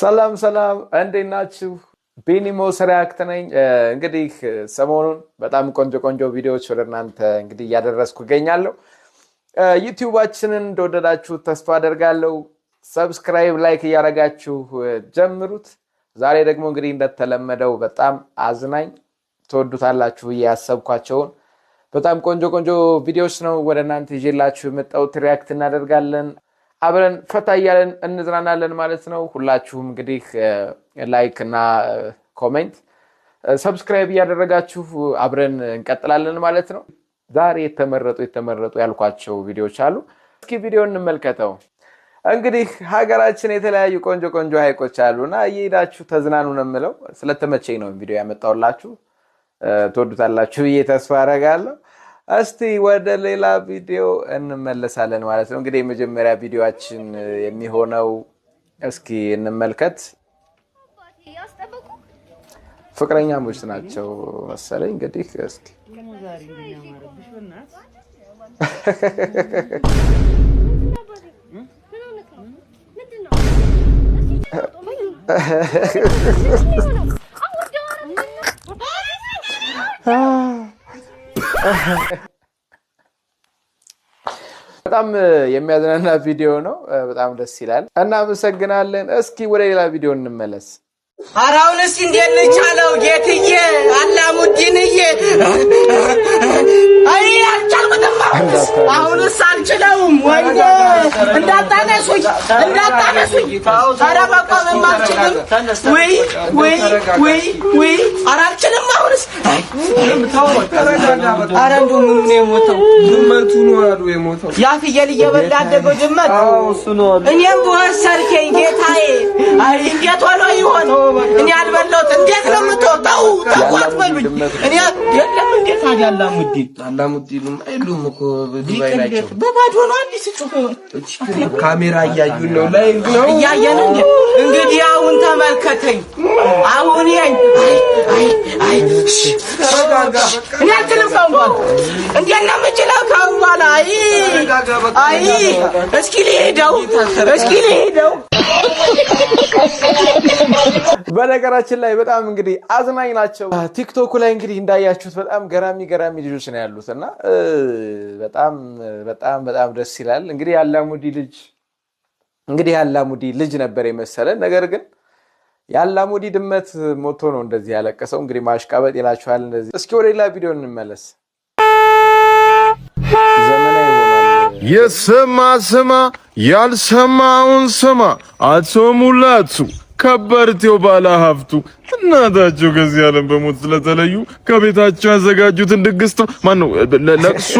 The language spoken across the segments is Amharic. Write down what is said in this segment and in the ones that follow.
ሰላም ሰላም፣ እንዴት ናችሁ? ቤኒሞስ ሪያክት ነኝ። እንግዲህ ሰሞኑን በጣም ቆንጆ ቆንጆ ቪዲዮዎች ወደ እናንተ እንግዲህ እያደረስኩ እገኛለሁ። ዩቲዩባችንን እንደወደዳችሁ ተስፋ አደርጋለሁ። ሰብስክራይብ፣ ላይክ እያደረጋችሁ ጀምሩት። ዛሬ ደግሞ እንግዲህ እንደተለመደው በጣም አዝናኝ ትወዱታላችሁ ብዬ ያሰብኳቸውን በጣም ቆንጆ ቆንጆ ቪዲዮዎች ነው ወደ እናንተ ይዤላችሁ የመጣሁት። ሪያክት እናደርጋለን፣ አብረን ፈታ እያለን እንዝናናለን ማለት ነው። ሁላችሁም እንግዲህ ላይክ እና ኮሜንት፣ ሰብስክራይብ እያደረጋችሁ አብረን እንቀጥላለን ማለት ነው። ዛሬ የተመረጡ የተመረጡ ያልኳቸው ቪዲዮዎች አሉ። እስኪ ቪዲዮ እንመልከተው። እንግዲህ ሀገራችን የተለያዩ ቆንጆ ቆንጆ ሀይቆች አሉ እና እየሄዳችሁ ተዝናኑ ነው የምለው። ስለተመቸኝ ነው ቪዲዮ ያመጣውላችሁ። ትወዱታላችሁ ብዬ ተስፋ አደርጋለሁ። እስቲ ወደ ሌላ ቪዲዮ እንመለሳለን ማለት ነው። እንግዲህ የመጀመሪያ ቪዲዮችን የሚሆነው እስኪ እንመልከት። ፍቅረኛሞች ናቸው መሰለኝ። እንግዲህ እስኪ ምንድን በጣም የሚያዝናና ቪዲዮ ነው። በጣም ደስ ይላል። እናመሰግናለን። እስኪ ወደ ሌላ ቪዲዮ እንመለስ። አራውንስ እንዴት ልቻለው ጌትዬ አላሙዲንዬ አይ አልቻልኩትም አሁንስ አልችለውም ወይ እንዳታነሱኝ እንዳታነሱኝ ኧረ መቆምም አልችልም ወይ ወይ ወይ ወይ ኧረ አልችልም አሁንስ ኧረ እንደው ምኑ ነው የሞተው ድመቱ ነው አሉ የሞተው ያ ፍየል እየበላ ያደገው ድመት እኔም ብሆን ሰርኬኝ ጌታዬ አይ እንዴት ሆኖ ይሆን እኔ አልበላሁት። እንዴት ነው የምትወጣው? ተቋት በሉኝ። እኔ የለም እንዴት ታዲያ አላሙዲን አላሙዲንም አይሉም እኮ በዱባይ ናቸው። በባዶ ነው አንዲስ ጽሁፍ ካሜራ እያዩ ነው ላይ ነው እያየን። እንግዲህ አሁን ተመልከተኝ፣ አሁን ይሄን አይ አይ አይ ተረጋጋ። እኔ አልችልም ካሁን እንዴት ነው የምችለው ካሁን በኋላ አይ አይ እስኪ ልሄደው እስኪ ልሄደው በነገራችን ላይ በጣም እንግዲህ አዝናኝ ናቸው። ቲክቶኩ ላይ እንግዲህ እንዳያችሁት በጣም ገራሚ ገራሚ ልጆች ነው ያሉት እና በጣም በጣም በጣም ደስ ይላል። እንግዲህ የአላሙዲ ልጅ እንግዲህ የአላሙዲ ልጅ ነበር የመሰለ ነገር ግን የአላሙዲ ድመት ሞቶ ነው እንደዚህ ያለቀሰው። እንግዲህ ማሽቃበጥ ይላችኋል እንደዚህ። እስኪ ወደ ሌላ ቪዲዮ እንመለስ። ዘመናዊ የስማ ስማ ያልሰማውን ስማ። አቶ ሙላቱ ከበርቴው ባለ ሀብቱ እናታቸው ከዚህ ዓለም በሞት ስለተለዩ ከቤታቸው ያዘጋጁትን ድግስ ማን ነው ለቅሶ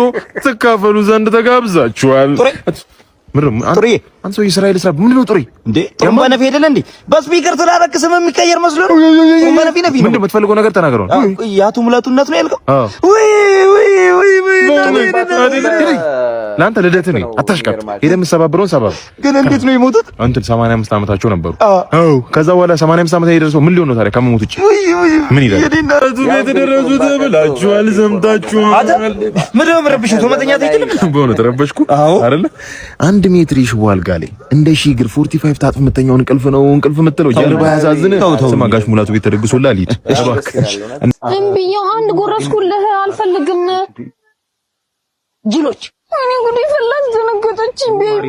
ትካፈሉ ዘንድ ተጋብዛችኋል። ምንም አንተ ሰው የእስራኤል ስራ ምንድን ነው? ጥሪ እንዴ ወንበነፍ አይደለ እንዴ? በስፒከር ስላደረክ ስም የሚቀየር መስሎ ነው። ወንበነፍ ነፊ ነው። ምንድን ነው የምትፈልገው ነገር ተናገረው። ያቱ ሙላቱ እናት ነው ያልከው? ወይ ወይ ለአንተ ልደት ነው። አታሽቀብ። ሄደህ የምትሰባብረውን ሰባብ። ግን እንዴት ነው የሞቱት? እንትን 85 ዓመታቸው ነበሩ። አዎ፣ ከዛ በኋላ 85 ዓመት የደረሰው ምን ሊሆን ነው ታዲያ? ከመሞት ውጭ ምን ይላል? እሱ ቤት ደረሱት ብላችኋል፣ ሰምታችኋል። ምንድን ነው የምረብሽው? ተው መተኛት አይችልም። በእውነት ረበሽኩ አይደለ? አንድ ሜትር ይሽው አልጋ ላይ እንደ ሺህ እግር 45 ታጥፍ የምተኛውን እንቅልፍ ነው እንቅልፍ የምትለው ጀርባ ያሳዝን። ስማ ጋሽ ሙላቱ ቤት ተደግሶልሃል፣ ሂድ ዝም ብዬ አንድ ጎረስኩልህ። አልፈልግም። ጅሎች እኔ ጉድ ይፈላል። ዘነገጠች ቤቢ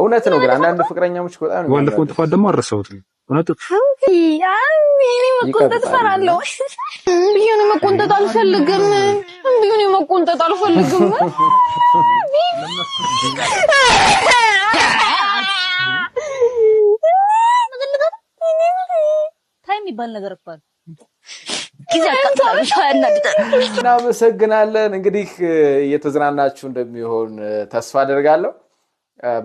እውነት ነው ግን አንዳንድ ፍቅረኛሞች በጣም ባለፈው ጥፋት ደግሞ አረሰውት መቆንጠጥ አልፈልግም። መቆንጠጥ አልፈልግም። ተዘርግቷል። ጊዜ እናመሰግናለን። እንግዲህ እየተዝናናችሁ እንደሚሆን ተስፋ አደርጋለሁ።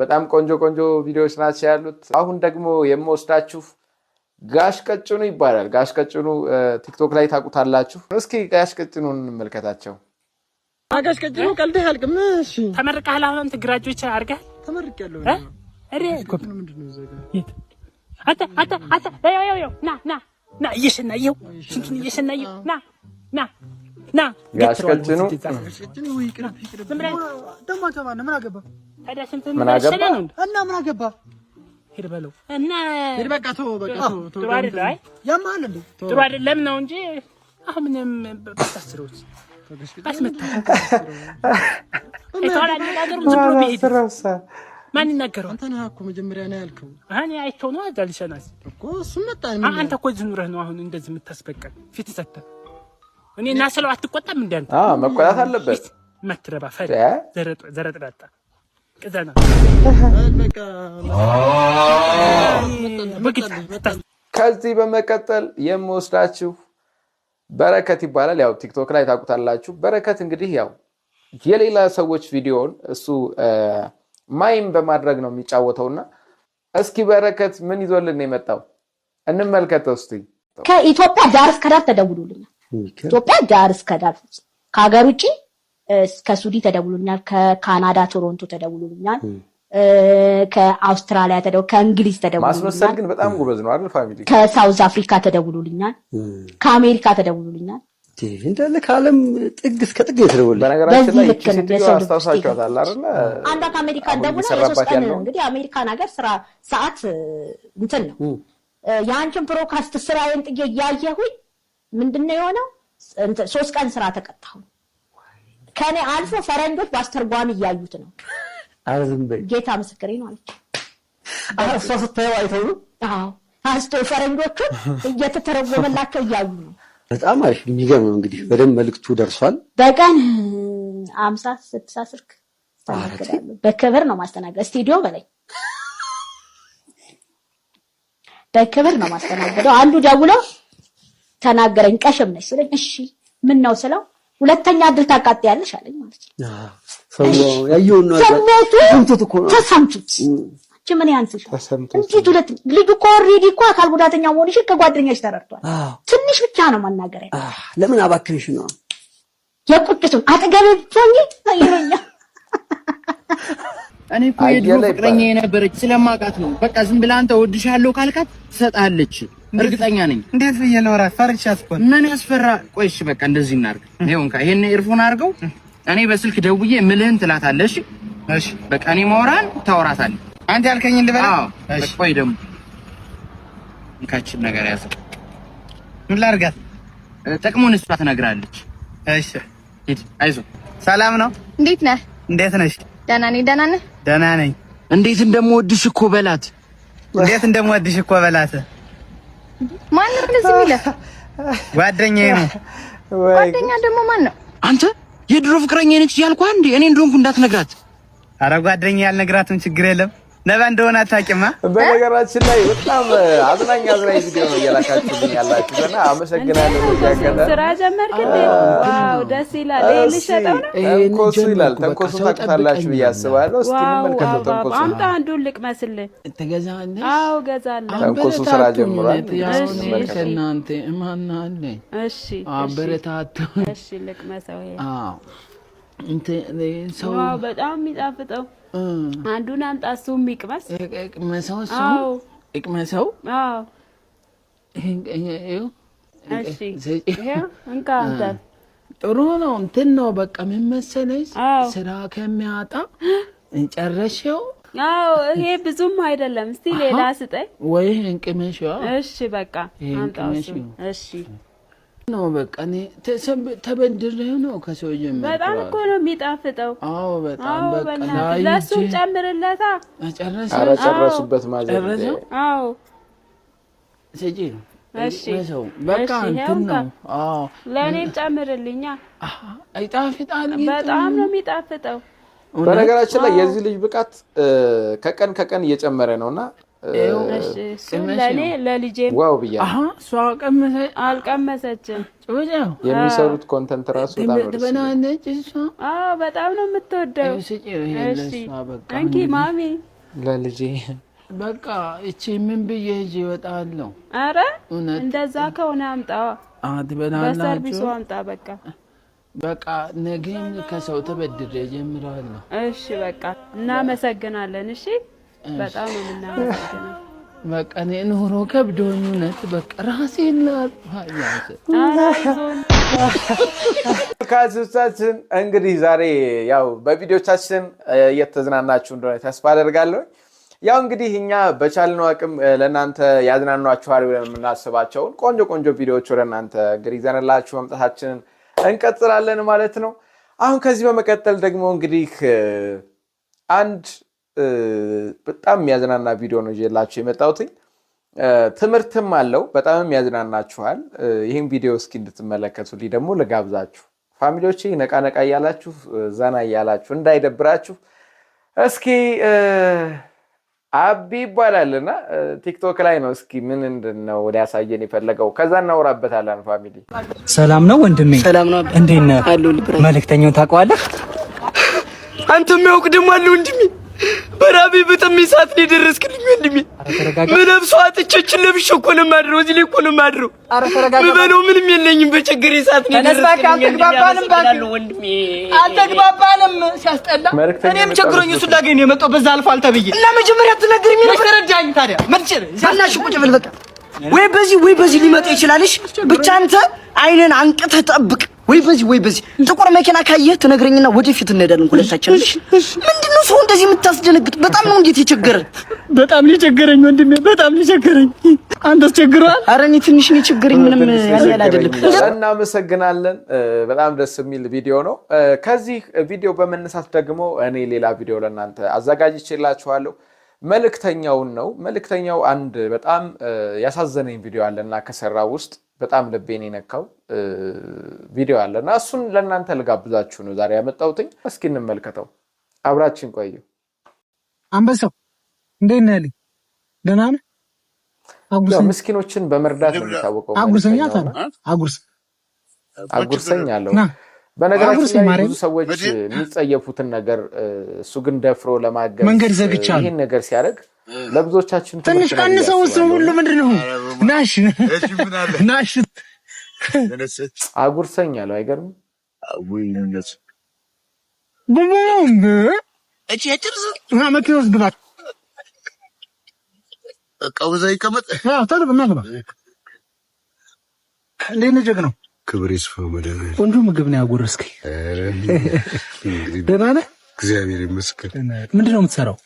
በጣም ቆንጆ ቆንጆ ቪዲዮዎች ናቸው ያሉት። አሁን ደግሞ የምወስዳችሁ ጋሽ ቀጭኑ ይባላል። ጋሽ ቀጭኑ ቲክቶክ ላይ ታውቁታላችሁ። እስኪ ጋሽ ቀጭኑን እንመልከታቸው። ጋሽ ቀጭኑ ቀልድህ አልቅም። ተመርቀሃል? አሁን አንተ ግራጁዌት አድርገሃል? ተመርቄያለሁ። ና ና ና እየሸናየው ሽንቱን እየሸናየው ና ና ና ያስቀጭኑ ምን አገባ እና ምን አገባ ሄድ በለው እና ሄድ በቃ ቶ በቃ ቶ ጥሩ አይደለም። አይ ያማል እንዴ ጥሩ አይደለም ነው እንጂ አሁን ምንም በታስሮት ባስመታ እታላ ነገር ዝም ብሎ ቢሄድ ማን ይናገረዋል? አንተ ነህ እኮ መጀመሪያ ነህ ያልከው። እኔ አይቼው ነው እዛ ልሸናት እኮ እሱም መጣ። አንተ እኮ እዚህ ኑረህ ነው አሁን እንደዚህ የምታስበቀል ፊት ሰተህ እኔ እና ስለው አትቆጣም? እንደ አንተ መቆጣት አለበት። መትረባ ፈሪ ዘረጥ ፈ ዘረጥራጣ ቅዘና ከዚህ በመቀጠል የምወስዳችሁ በረከት ይባላል። ያው ቲክቶክ ላይ ታውቁታላችሁ። በረከት እንግዲህ ያው የሌላ ሰዎች ቪዲዮን እሱ ማይም በማድረግ ነው የሚጫወተውና እስኪ በረከት ምን ይዞልን የመጣው እንመልከተው እስቲ። ከኢትዮጵያ ዳር እስከ ዳር ተደውሎልኛል። ኢትዮጵያ ዳር እስከ ዳር ከሀገር ውጭ ከሱዲ ተደውሎልኛል። ከካናዳ ቶሮንቶ ተደውሎልኛል። ከአውስትራሊያ ተደው ከእንግሊዝ ተደውሎልኛል። ግን በጣም ጉበዝ ነው አይደል? ፋሚሊ ከሳውዝ አፍሪካ ተደውሎልኛል። ከአሜሪካ ተደውሎልኛል። እንዳለ ከዓለም ጥግ እስከ ጥግ የተደወለች አንዳት አሜሪካ ደውላ የሶስት ቀን እንግዲህ አሜሪካን ሀገር ስራ ሰዓት እንትን ነው። የአንችን ብሮካስት ስራዬን ጥዬ እያየሁኝ ምንድን ነው የሆነው? ሶስት ቀን ስራ ተቀጣሁ። ከኔ አልፎ ፈረንጆች በአስተርጓሚ እያዩት ነው። ጌታ ምስክሬ ነው አለች። እሷ ስታየው አይተው ነው ፈረንጆቹን እየተተረጎመላቸው እያዩ ነው በጣም አሪፍ የሚገርም ነው። እንግዲህ በደንብ መልዕክቱ ደርሷል። በቀን አምሳ ስድሳ ስልክ በክብር ነው ማስተናገድ ስቱዲዮ በላይ በክብር ነው ማስተናገደው። አንዱ ደውሎ ተናገረኝ፣ ቀሽም ነሽ ስለኝ፣ እሺ ምን ነው ስለው ሁለተኛ እድል ታቃጥያለሽ አለኝ ማለት ነው። ሰው ያየውን ነው ተሰምቶት አንቺ ምን ያንስሽ? እንዴት ሁለት ልጁ እኮ ኦልሬዲ እኮ አካል ጉዳተኛ መሆንሽ ከጓደኛሽ ተረድቷል። ትንሽ ብቻ ነው መናገር። ለምን አባክንሽ ነው የቁጭቱን አጠገቤ ብቻ ይሉኛል። እኔ እኮ የድሮ ፍቅረኛ የነበረች ስለማውቃት ነው። በቃ ዝም ብላ አንተ ወድሻለሁ ካልካት ትሰጣለች፣ እርግጠኛ ነኝ። እንዴት ብዬ የለወራ ፈርቻት እኮ ምን ያስፈራ? ቆይሽ በቃ እንደዚህ እናርግ። ይሁን ካ ይሄን ኤርፎን አድርገው። እኔ በስልክ ደውዬ ምልህን ትላታለሽ። እሺ በቃ እኔ ማውራን ታወራታለህ አንተ ያልከኝ እንደበለ እሺ ቆይ ደግሞ እንካችን ነገር ያዘ። ምን ላድርጋት? ጥቅሙን እሷ ትነግራለች። እሺ ሂድ፣ አይዞ ሰላም ነው? እንዴት ነህ? እንዴት ነሽ? ደህና ነኝ። ደህና ነህ? ደህና ነኝ። እንዴት እንደምወድሽ እኮ በላት። እንዴት እንደምወድሽ እኮ በላት። ማን ነው እንደዚህ የሚለህ? ጓደኛዬ ነው። ጓደኛ ደግሞ ማን ነው? አንተ የድሮ ፍቅረኛ ነች ያልኳ እንዴ? እኔ እንደሆንኩ እንዳትነግራት። አረ ጓደኛ ያልነግራትም ችግር የለም ነባ እንደሆነ አታውቂም። በነገራችን ላይ በጣም አዝናኝ አዝናኝ ቪዲዮ ነው እያላካችሁ ያላችሁ ዘና አመሰግናለሁ። ስራ ጀመርክ ዋው ደስ ይላል። ይሄ ልሸጠው ነው። ተንኮሱ ይላል። ተንኮሱ ታቅታላችሁ ብዬ አስባለሁ። እስኪ እንመልከተው። ተንኮሱ አምጣ አንዱን ልቅመስልህ። ትገዛለህ? እገዛለሁ። ተንኮሱ ስራ ጀምሯል። ከእናንተ እማን አለ? እሺ አበረታቱ። እሺ ልቅመሰው። ይሄ በጣም የሚጣፍጠው አንዱን አምጣ፣ እሱም ይቅመስ። ቅመሰው፣ እሱ ይቅመሰው። ጥሩ ነው። እንትን ነው በቃ ምን መሰለሽ፣ ስራ ከሚያጣ ጨረሽው። አዎ ይሄ ብዙም አይደለም። እስቲ ሌላ ስጠኝ ወይ እንቅመሽ። እሺ በቃ አምጣ። እሺ ነው በቃ እኔ ተበድሬ ነው ከሰው ጀምሮ በጣም እኮ ነው የሚጣፍጠው። አዎ በጣም በቃ ለሱ ጨምርለታ። ጨረሰ? ጨረሱበት ማለት ነው። ስጪ። እሺ በቃ እንትን ነው። አዎ ለእኔም ጨምርልኛ። ይጣፍጣል፣ በጣም ነው የሚጣፍጠው። በነገራችን ላይ የዚህ ልጅ ብቃት ከቀን ከቀን እየጨመረ ነውና አልቀመሰችም። የሚሰሩት ኮንተንት ራሱ በጣም ነው የምትወደው። አንቺ ማሚ ለልጄ በቃ እቺ ምን ብዬ እጅ ይወጣለሁ። አረ እንደዛ ከሆነ አምጣ፣ በሰርቪሱ አምጣ። በቃ በቃ ነገ ከሰው ተበድሬ ጀምራለሁ። እሺ በቃ እናመሰግናለን። እሺ በጣም በቃ እኔ ኑሮ ከብዶኝ እውነት በቃ ራሴን ተመልካቾቻችን እንግዲህ ዛሬ ያው በቪዲዮቻችን እየተዝናናችሁ እንደሆነ ተስፋ አደርጋለሁ። ያው እንግዲህ እኛ በቻልነው አቅም ለእናንተ ያዝናኗችኋል ብለን የምናስባቸውን ቆንጆ ቆንጆ ቪዲዮዎች ወደ እናንተ እንግዲህ ይዘንላችሁ መምጣታችንን እንቀጥላለን ማለት ነው። አሁን ከዚህ በመቀጠል ደግሞ እንግዲህ አንድ በጣም የሚያዝናና ቪዲዮ ነው ይዤላችሁ የመጣሁትኝ። ትምህርትም አለው በጣም የሚያዝናናችኋል። ይህም ቪዲዮ እስኪ እንድትመለከቱልኝ ደግሞ ልጋብዛችሁ። ፋሚሊዎች ነቃ ነቃ እያላችሁ ዘና እያላችሁ እንዳይደብራችሁ እስኪ አቢ ይባላል እና ቲክቶክ ላይ ነው። እስኪ ምን እንደነው ወደ ያሳየን የፈለገው ከዛ እናወራበታለን። ፋሚሊ ሰላም ነው ወንድሜ፣ ሰላም ነው። እንዴት ነህ? መልእክተኛውን ታውቀዋለህ አንተ? የሚያውቅ ደግሞ አለ ወንድሜ በራቤ በጣም የሰዓት ላይ ደረስክልኝ ወንድሜ። ምለብሶ አጥቼችን ለብሼ እኮ ነው የማድረው፣ እዚህ ላይ እኮ ነው የማድረው። ምበለው ምንም የለኝም። በችግር የሰዓት ላይ ደረስክልኝ ወንድሜ። አልተግባባንም፣ ሲያስጠላ። እኔም ቸግሮኝ እሱ የመጣው። በዛ አልፎ አልተብዬ እና መጀመሪያ ትነግሪኝ ነው ተረዳኝ። ታዲያ ቁጭ ብል በቃ ወይ በዚህ ወይ በዚህ ሊመጣ ይችላልሽ። ብቻ አንተ አንቅተህ ጠብቅ ወይ በዚህ ወይ በዚህ ጥቁር መኪና ካየህ ትነግረኝና ወደፊት እንሄዳለን ሁለታችን። ምንድን ነው ሰው እንደዚህ የምታስደነግጥ? በጣም ነው እንዴት የቸገረ። በጣም ነው የቸገረኝ ወንድሜ፣ በጣም ነው የቸገረኝ። አንተስ ቸግሯል? ኧረ እኔ ትንሽ ነው የቸገረኝ። ምንም ያለ አይደለም። እናመሰግናለን። በጣም ደስ የሚል ቪዲዮ ነው። ከዚህ ቪዲዮ በመነሳት ደግሞ እኔ ሌላ ቪዲዮ ለእናንተ አዘጋጅቼላችኋለሁ። መልእክተኛውን ነው። መልእክተኛው አንድ በጣም ያሳዘነኝ ቪዲዮ አለና ከሰራ ውስጥ በጣም ልቤን የነካው ቪዲዮ አለና እሱን ለእናንተ ልጋብዛችሁ ነው ዛሬ ያመጣሁትኝ። እስኪ እንመልከተው፣ አብራችን ቆዩ። አንበሳው እንዴት ነህ? ደህና ነህ? ምስኪኖችን በመርዳት የሚታወቀው አጉርሰኛ አለው በነገራችን ላይ ብዙ ሰዎች የሚጸየፉትን ነገር እሱ ግን ደፍሮ ለማገዝ መንገድ ዘግቻለሁ። ይህን ነገር ሲያደርግ ለብዙዎቻችን ትንሽ ቀንሰው እሱን ሁሉ ምንድን ነው ናሽ ናሽ አጉርሰኝ አለው። አይገርምም? ነው ክብር ይስፋ። መድኃኒዓለም ቆንጆ ምግብ ነው ያጎረስከኝ። ደህና ነህ? እግዚአብሔር ይመስገን። ምንድን ነው የምትሰራው?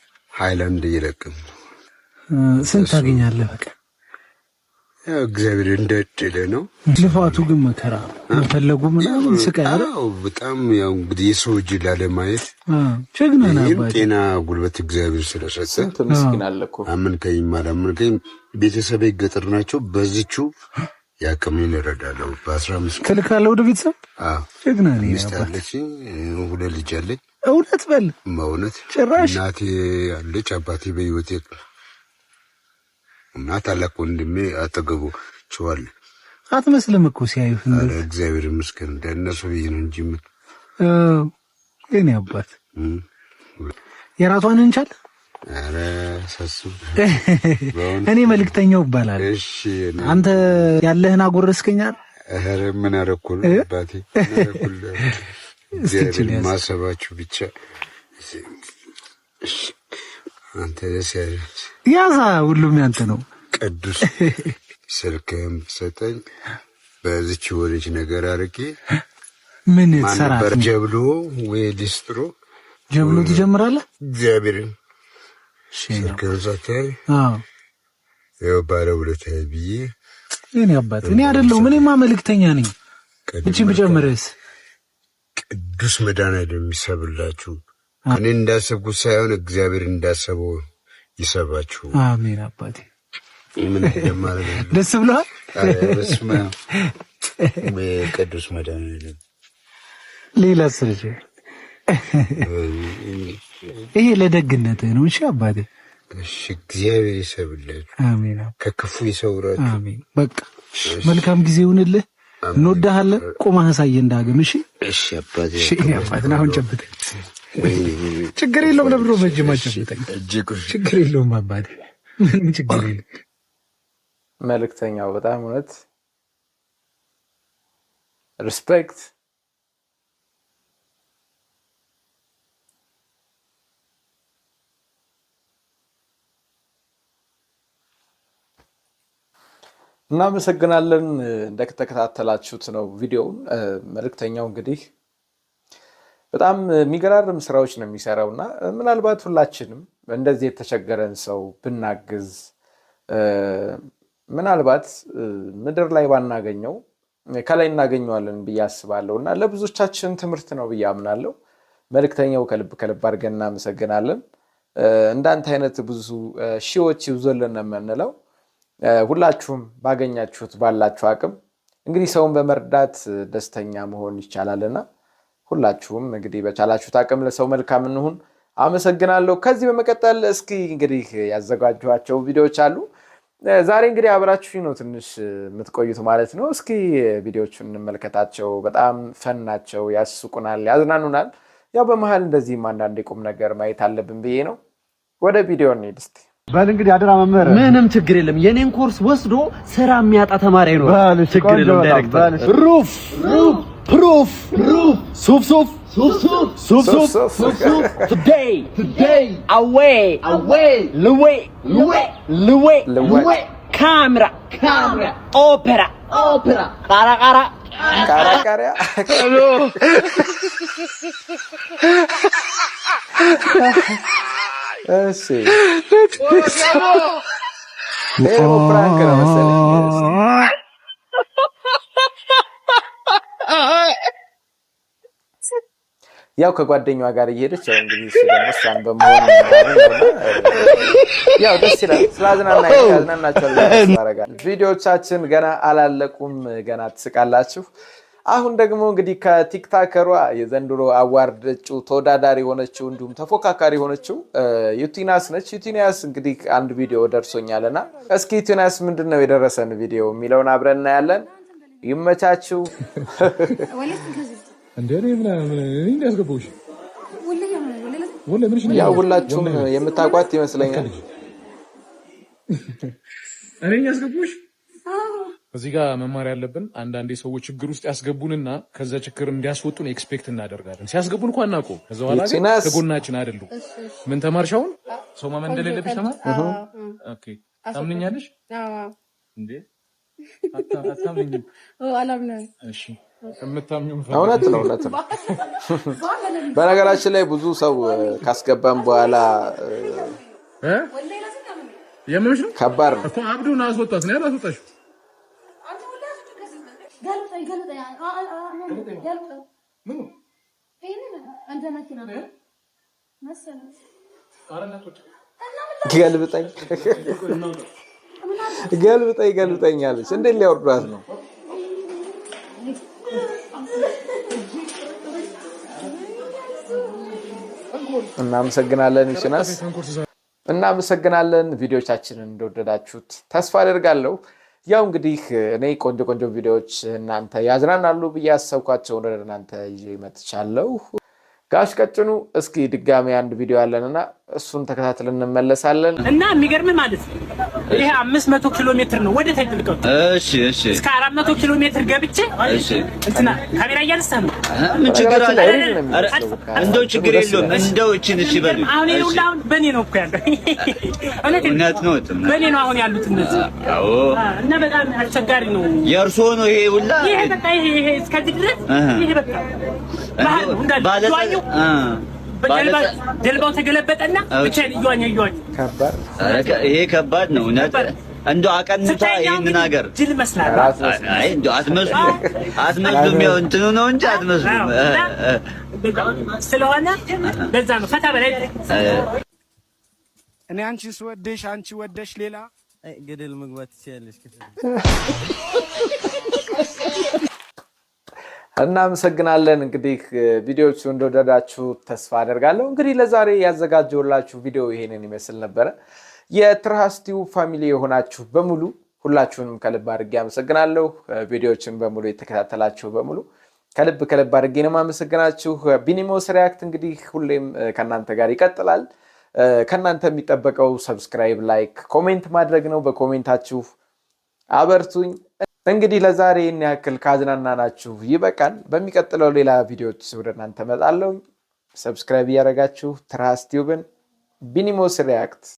ሀይላንድ እየለቅም። ስንት ታገኛለህ በቀን? ያው እግዚአብሔር እንደ ነው። ልፋቱ ግን መከራ መፈለጉ ምናምን ስቃይ በጣም ያው እንግዲህ የሰው እጅ ላለማየት ጀግናናይም ጤና ጉልበት እግዚአብሔር ስለሰጠ አመንከኝም አላመንከኝም ቤተሰቤ ገጠር ናቸው። በዝቹ የአቅሜን እረዳለሁ። በአስራ አምስት ትልካለህ ወደ ቤተሰብ ጀግና ነህ። ሚስት አለችኝ፣ ሁለት ልጅ አለኝ። እውነት በል እውነት ጭራሽ እናቴ አለች፣ አባቴ በህይወት እና ታላቅ ወንድሜ አጠገቡ ችዋል። አትመስልም እኮ ሲያዩህ። እግዚአብሔር ይመስገን እንደነሱ ብዬ ነው እንጂ ምን ግን አባት የራሷን እንቻል እኔ መልእክተኛው እባላለሁ። አንተ ያለህን አጎረስከኛል። ምን ያረኩል አባቴ ማሰባችሁ ብቻ አንተ ደስ ያለች ያዛ ሁሉም ያንተ ነው። ቅዱስ ስልክህም ሰጠኝ። በዚች ወደች ነገር አርቄ ምን ሰራ ጀብሎ ወይ ዲስትሮ ጀብሎ ትጀምራለህ እግዚአብሔርን ገብዛቸዋል። ah. ያው ባለ ብዬ እኔ አባት እኔ አይደለሁም መልእክተኛ ነኝ። ብጨምርስ ቅዱስ መድኃኔዓለም የሚሰብላችሁ እኔ እንዳሰብኩት ሳይሆን እግዚአብሔር እንዳሰበው ይሰባችሁ። አሜን አባቴ። ደስ ቅዱስ ሌላ ስልጅ ይሄ ለደግነት ነው። እሺ አባቴ፣ እሺ። እግዚአብሔር ይሰብልህ። አሜን። ከክፉ ይሰውራት። አሜን። በቃ መልካም ጊዜ ይሁንልህ። እንወዳሃለን። ቁመህ አሳየህ እንዳገም። እሺ አባቴ፣ እሺ አባቴ። አሁን ጨብጠኝ። ችግር የለውም ለብሮ በእጅ ማጨብጠኝ። ችግር የለውም አባቴ፣ ምንም ችግር የለም። መልእክተኛው በጣም እውነት ሪስፔክት እናመሰግናለን እንደተከታተላችሁት ነው ቪዲዮውን። መልእክተኛው እንግዲህ በጣም የሚገራርም ስራዎች ነው የሚሰራው እና ምናልባት ሁላችንም እንደዚህ የተቸገረን ሰው ብናግዝ ምናልባት ምድር ላይ ባናገኘው ከላይ እናገኘዋለን ብዬ አስባለሁ እና ለብዙዎቻችን ትምህርት ነው ብዬ አምናለሁ። መልእክተኛው ከልብ ከልብ አድርገን እናመሰግናለን። እንዳንተ አይነት ብዙ ሺዎች ይብዙልን ነው የምንለው። ሁላችሁም ባገኛችሁት ባላችሁ አቅም እንግዲህ ሰውን በመርዳት ደስተኛ መሆን ይቻላልና ሁላችሁም እንግዲህ በቻላችሁት አቅም ለሰው መልካም እንሁን። አመሰግናለሁ። ከዚህ በመቀጠል እስኪ እንግዲህ ያዘጋጇቸው ቪዲዮዎች አሉ። ዛሬ እንግዲህ አብራችሁ ነው ትንሽ የምትቆዩት ማለት ነው። እስኪ ቪዲዮቹን እንመልከታቸው። በጣም ፈን ናቸው፣ ያስቁናል፣ ያዝናኑናል። ያው በመሀል እንደዚህም አንዳንድ የቁም ነገር ማየት አለብን ብዬ ነው። ወደ ቪዲዮ እንሂድ እስኪ። በል እንግዲህ አደራ መምህር፣ ምንም ችግር የለም። የኔን ኮርስ ወስዶ ስራ የሚያጣ ተማሪ ነው። በል ችግር የለም። ዳይሬክተር ሩፍ ሩፍ ሩፍ ሩፍ ሱፍ ሱፍ ሱፍ ሱፍ ሱፍ ሱፍ ቱዴይ ቱዴይ አዌይ አዌይ ልዌ ልዌ ልዌ ልዌ ካሜራ ካሜራ ኦፔራ ኦፔራ ቃራ ቃራ ቃራ ቃራ ፍራንክ ነው መሰለኝ። ያው ከጓደኛዋ ጋር እየሄደች ያው እንግዲህ እሷን በመሆን ያው ደስ ይላል። ስላዝናና ያዝናናቸዋል። ቪዲዮዎቻችን ገና አላለቁም። ገና ትስቃላችሁ። አሁን ደግሞ እንግዲህ ከቲክታከሯ የዘንድሮ አዋርድ እጩ ተወዳዳሪ የሆነችው እንዲሁም ተፎካካሪ የሆነችው ዩቲናስ ነች። ዩቲናስ እንግዲህ አንድ ቪዲዮ ደርሶኛልና እስኪ ዩቲናስ ምንድን ነው የደረሰን ቪዲዮ የሚለውን አብረን እናያለን። ይመቻችው። ያው ሁላችሁም የምታውቋት ይመስለኛል። እኔ ያስገቡሽ እዚህ ጋር መማር ያለብን አንዳንዴ ሰዎች ችግር ውስጥ ያስገቡንና ከዛ ችግር እንዲያስወጡን ኤክስፔክት እናደርጋለን። ሲያስገቡን እኮ አናውቅ። ከዛ በኋላ ግን ከጎናችን አይደሉ። ምን ተማርሻውን ሰው ማመን እንደሌለብሽ ተማር። ታምንኛለሽ እንዴ? እውነት ነው፣ እውነት ነው። በነገራችን ላይ ብዙ ሰው ካስገባን በኋላ ከባድ ነው። አብዱን አስወጣት ነው ገልብጠኝ ገልብጠኝ ገልብጠኝ አለች። እንዴት ሊያወርዷት ነው? እናመሰግናለን ዩስናስ፣ እናመሰግናለን። ቪዲዮቻችንን እንደወደዳችሁት ተስፋ አደርጋለሁ። ያው እንግዲህ እኔ ቆንጆ ቆንጆ ቪዲዮዎች እናንተ ያዝናናሉ ብዬ ያሰብኳቸውን ወደ እናንተ ይዤ መጥቻለሁ። ጋሽ ቀጭኑ እስኪ ድጋሚ አንድ ቪዲዮ አለንና እሱን ተከታትለን እንመለሳለን እና የሚገርም ማለት ነው ይሄ 500 ኪሎ ሜትር ነው ወደ ታች ልቀው። እሺ እሺ፣ እስከ 400 ኪሎ ሜትር ገብቼ እሺ፣ እንትና ካሜራ እያነሳ ነው። ምን ችግር አለ? እንደው ችግር የለውም። እንደው እቺን እሺ በሉ። አሁን ይሄ ሁሉ አሁን በኔ ነው እኮ ያለው። እውነት ነው፣ በኔ ነው አሁን ያሉት እነዚህ። አዎ፣ እና በጣም አስቸጋሪ ነው። የእርሶ ነው ይሄ ሁሉ። ይሄ በቃ ይሄ እስከዚህ ድረስ ይሄ በቃ ባለ ባለ ጀልባው ተገለበጠና ይሄ ከባድ ነው። እንደው አቀንታ ይህንን ሀገር ጅል መስላል። ያው እንትኑ ነው እንጂ ስለሆነ በዛ ነው ፈታ በላይ እኔ ስወደሽ አንቺ ወደሽ ሌላ ግድል ምግባት ትችላለች። እናመሰግናለን። እንግዲህ ቪዲዮቹ እንደወደዳችሁ ተስፋ አደርጋለሁ። እንግዲህ ለዛሬ ያዘጋጀውላችሁ ቪዲዮ ይሄንን ይመስል ነበረ። የትራስቲው ፋሚሊ የሆናችሁ በሙሉ ሁላችሁንም ከልብ አድርጌ አመሰግናለሁ። ቪዲዮችን በሙሉ የተከታተላችሁ በሙሉ ከልብ ከልብ አድርጌ ነው የማመሰግናችሁ። ቢኒሞስ ሪያክት እንግዲህ ሁሌም ከእናንተ ጋር ይቀጥላል። ከእናንተ የሚጠበቀው ሰብስክራይብ፣ ላይክ፣ ኮሜንት ማድረግ ነው። በኮሜንታችሁ አበርቱኝ። እንግዲህ ለዛሬ ይህን ያክል ካዝናና ናችሁ ይበቃል። በሚቀጥለው ሌላ ቪዲዮዎች ወደ እናንተ እመጣለሁ። ሰብስክራይብ እያደረጋችሁ ትራስቲዩብን ቢኒሞስ ሪያክት